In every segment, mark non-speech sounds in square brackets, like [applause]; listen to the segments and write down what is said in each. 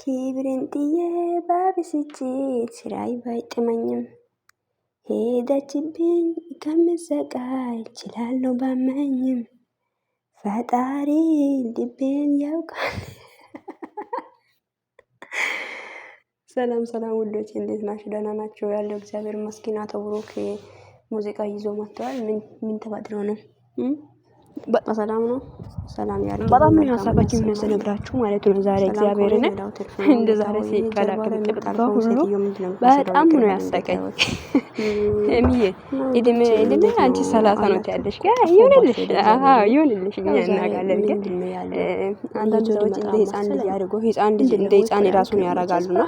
ክብርን ጥዬ ባብስቼ ስራዬ ባይጥመኝም ሄደችብኝ ከምሰቃይ እችላለሁ ባመኝም ፈጣሪ ልቤን ያውቃል። ሰላም ሰላም ውዶች እንዴት ናችሁ? ደህና ናቸው ያለው እግዚአብሔር መስኪና ተብሮክ ሙዚቃ ይዞ መጥተዋል። ምን ምን ተፈጥሮ ነው? በጣም ሰላም ነው። ሰላም ያለ በጣም ነው ሀሳባችን ምን ስነግራችሁ ማለት ነው። ዛሬ እግዚአብሔርን እንደ ዛሬ ሲቀላቀል ጥብጣባ ሁሉ በጣም ነው ያሳቀኝ። እሚዬ እድሜ እድሜ አንቺ ሰላሳ ነው ያለሽ ጋ ይሁንልሽ። አሃ ይሁንልሽ። እኛ እናጋለን ግን አንዳንድ ሰዎች እንደ ህፃን ልጅ አድርጎ ህፃን ልጅ እንደ ህፃን ራሱን ያደርጋሉና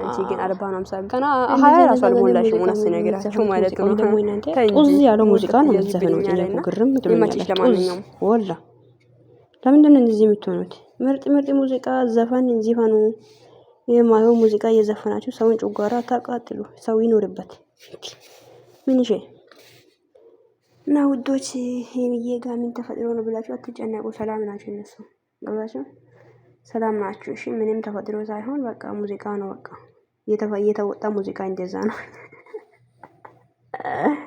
አንቺ ግን አርባ ነው ገና ሀያ ራሱ አልሞላሽ እውነት ስነግራቸው ማለት ነው። ጡዝ ያለው ሙዚቃ ነው የምትዘፍነው። ጭለፉ ግርም ትሉኛላችሁ። ወላ ለምንድን ነው እንደዚህ የምትሆኑት? ምርጥ ምርጥ ሙዚቃ ዘፈን ዚፈኑ የማየው ሙዚቃ እየዘፈናችሁ ሰውን ጭጓራ አታቃጥሉ። ሰው ይኖርበት ምንሽ እና ውዶች፣ ይሄ ጋ ምን ተፈጥሮ ነው ብላችሁ አትጨነቁ። ሰላም ናቸው እነሱ ገባቸው ሰላም ናችሁ? እሺ ምንም ተፈጥሮ ሳይሆን በቃ ሙዚቃ ነው። በቃ የተወጣ ሙዚቃ እንደዛ ነው። [laughs]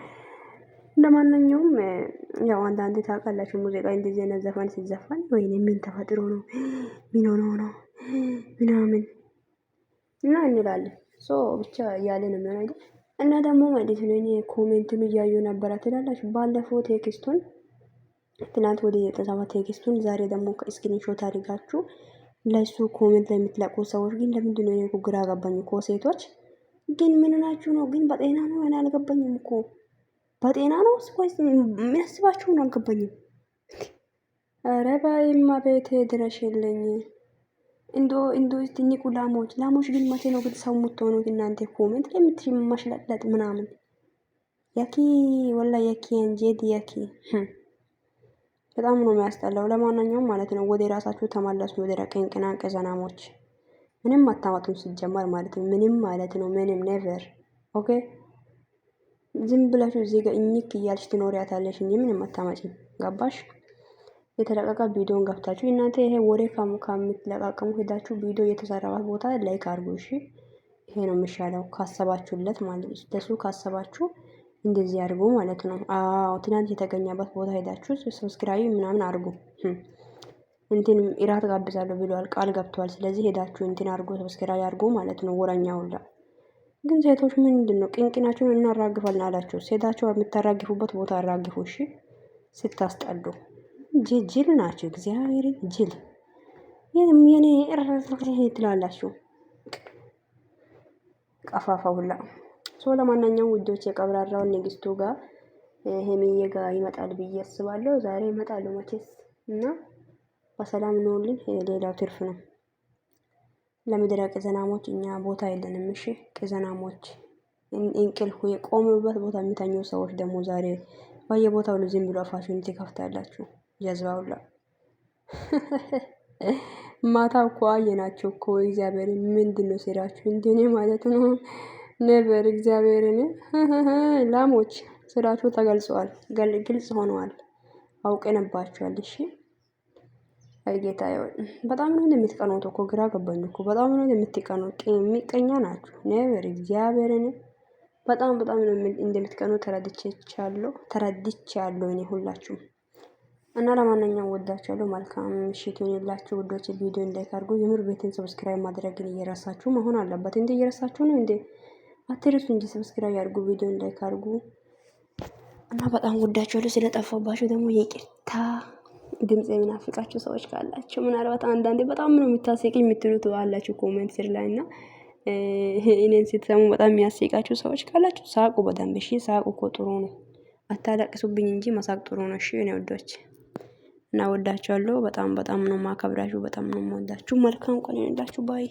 ለማንኛውም ያው አንዳንድ ታውቃላችሁ ሙዚቃ እንደዚህ አይነት ዘፈን ሲዘፈን ወይኔ ምን ተፈጥሮ ነው ምን ሆኖ ነው ምናምን እና እንላለን። ሶ ብቻ እያለ ነው የሚሆን አይደል? እና ደግሞ ማለት ነው እኔ ኮሜንቱን እያዩ ነበረ ትላላችሁ። ባለፈው ቴክስቱን ትናንት ወደ የተጻፈ ቴክስቱን ዛሬ ደግሞ ስክሪንሾት አድርጋችሁ ለሱ ኮሜንት ላይ የምትለቁ ሰዎች ግን ለምንድን ነው እኮ ግራ ገባኝ እኮ። ሴቶች ግን ምን ናችሁ ነው ግን? በጤና ነው እኔ አልገባኝም እኮ በጤና ነው ስኳስ የሚያስባችሁን አልገባኝም። ኧረ ባይማ ቤት ድረሽልኝ። እንዶ እንዶ ትንቁ ላሞች ላሞች ግን መቼ ነው ግን ሰው የምትሆኑት እናንተ? ኮሜንት ላይ የምትሽለጥለጥ ምናምን ያኪ ወላ ያኪ አንጄድ ያኪ በጣም ነው የሚያስጠላው። ለማንኛውም ማለት ነው ወደ ራሳችሁ ተመለሱ። ወደ ረቀኝ ቅናቀ ዘናሞች ምንም አታማጡም ሲጀመር ማለት ነው። ምንም ማለት ነው ምንም ኔቨር ኦኬ። ዝም ብላችሁ እዚህ ጋር እኝክ እያልሽ ትኖሪያታለሽ እንጂ ምንም አታማጭም። ገባሽ? የተለቀቀ ቪዲዮን ገብታችሁ እናንተ ይሄ ወሬ ከምትለቃቀሙ ሄዳችሁ ቪዲዮ የተሰራባት ቦታ ላይክ አድርጉ። እሺ፣ ይሄ ነው የሚሻለው ካሰባችሁለት ማለት ነው። ለሱ ካሰባችሁ እንደዚህ አድርጎ ማለት ነው። አዎ ትናንት የተገኘበት ቦታ ሄዳችሁ ሰብስክራይብ ምናምን አድርጎ እንትን ኢራት ጋብዛለሁ ብለዋል፣ ቃል ገብተዋል። ስለዚህ ሄዳችሁ እንትን አድርጉ፣ ሰብስክራይብ አድርጉ ማለት ነው። ወረኛ ሁላ ግን ሴቶች ምንድን ነው ቅንቅናችሁን እናራግፋለን አላችሁ። ሴታቸው የምታራግፉበት ቦታ አራግፉ እሺ። ስታስጠሉ ጅል ናቸው እግዚአብሔር ጅል የኔ ትላላችሁ ቀፋፋ ሁላ ሶ ለማናኛውም ውዶች የቀብራራውን ንግስቱ ጋር ሄሚዬ ጋር ይመጣል ብዬ አስባለሁ። ዛሬ ይመጣሉ መቼስ እና በሰላም ኑሩልኝ። ሌላው ትርፍ ነው። ለምድረ ቅዘናሞች እኛ ቦታ የለንም። እሺ ቅዘናሞች፣ እንቅልፍ የቆሙበት ቦታ የሚተኙ ሰዎች ደግሞ ዛሬ በየቦታው ዝም ብሎ አፋችሁን ትከፍታላችሁ። ጀዝባውላ [laughs] ማታ እኮ አየናቸው እኮ እግዚአብሔር ምንድን ነው ስራችሁ? ማለት ነው። ነበር። እግዚአብሔርን [laughs] ላሞች ስራቸው ተገልጸዋል፣ ግልጽ ሆነዋል። አውቀንባቸዋል። እሺ ጌታ ይወድ በጣም ነው የምትቀኑት እኮ ግራ ገባኝ እኮ በጣም ነው የምትቀኑት። የሚቀኛ ናችሁ ነበር እግዚአብሔርን በጣም በጣም ነው እንደምትቀኑ ተረድቻለሁ፣ ተረድቻለሁ እኔ ሁላችሁም እና ለማንኛውም ወዳችኋለሁ። መልካም ምሽት ይሁንላችሁ ውዶች። ቪዲዮ እንዳይካርጉ የምር ቤትን ሰብስክራይብ ማድረግን እየረሳችሁ መሆን አለበት እንዴ! እየረሳችሁ ነው እንዴ? አትርሱ እንጂ ሰብስክራይብ ያርጉ፣ ቪዲዮ ላይክ አርጉ እና በጣም ወዳችኋለሁ። ስለጠፋባችሁ ደግሞ ይቅርታ። ድምፅ የሚናፍቃችሁ ሰዎች ካላችሁ ምናልባት አንዳንዴ በጣም ነው የምታስቂኝ የምትሉት አላችሁ ኮሜንት ስር ላይ እና እኔን ስትሰሙ በጣም የሚያስቃችሁ ሰዎች ካላችሁ ሳቁ በደንብ እሺ። ሳቁ እኮ ጥሩ ነው። አታለቅሱብኝ እንጂ መሳቅ ጥሩ ነው። እሺ እኔ ወዶች እና ወዳችኋለሁ። በጣም በጣም ነው ማከብራችሁ። በጣም ነው ወዳችሁ። መልካም ቀን ይሁንላችሁ። ባይ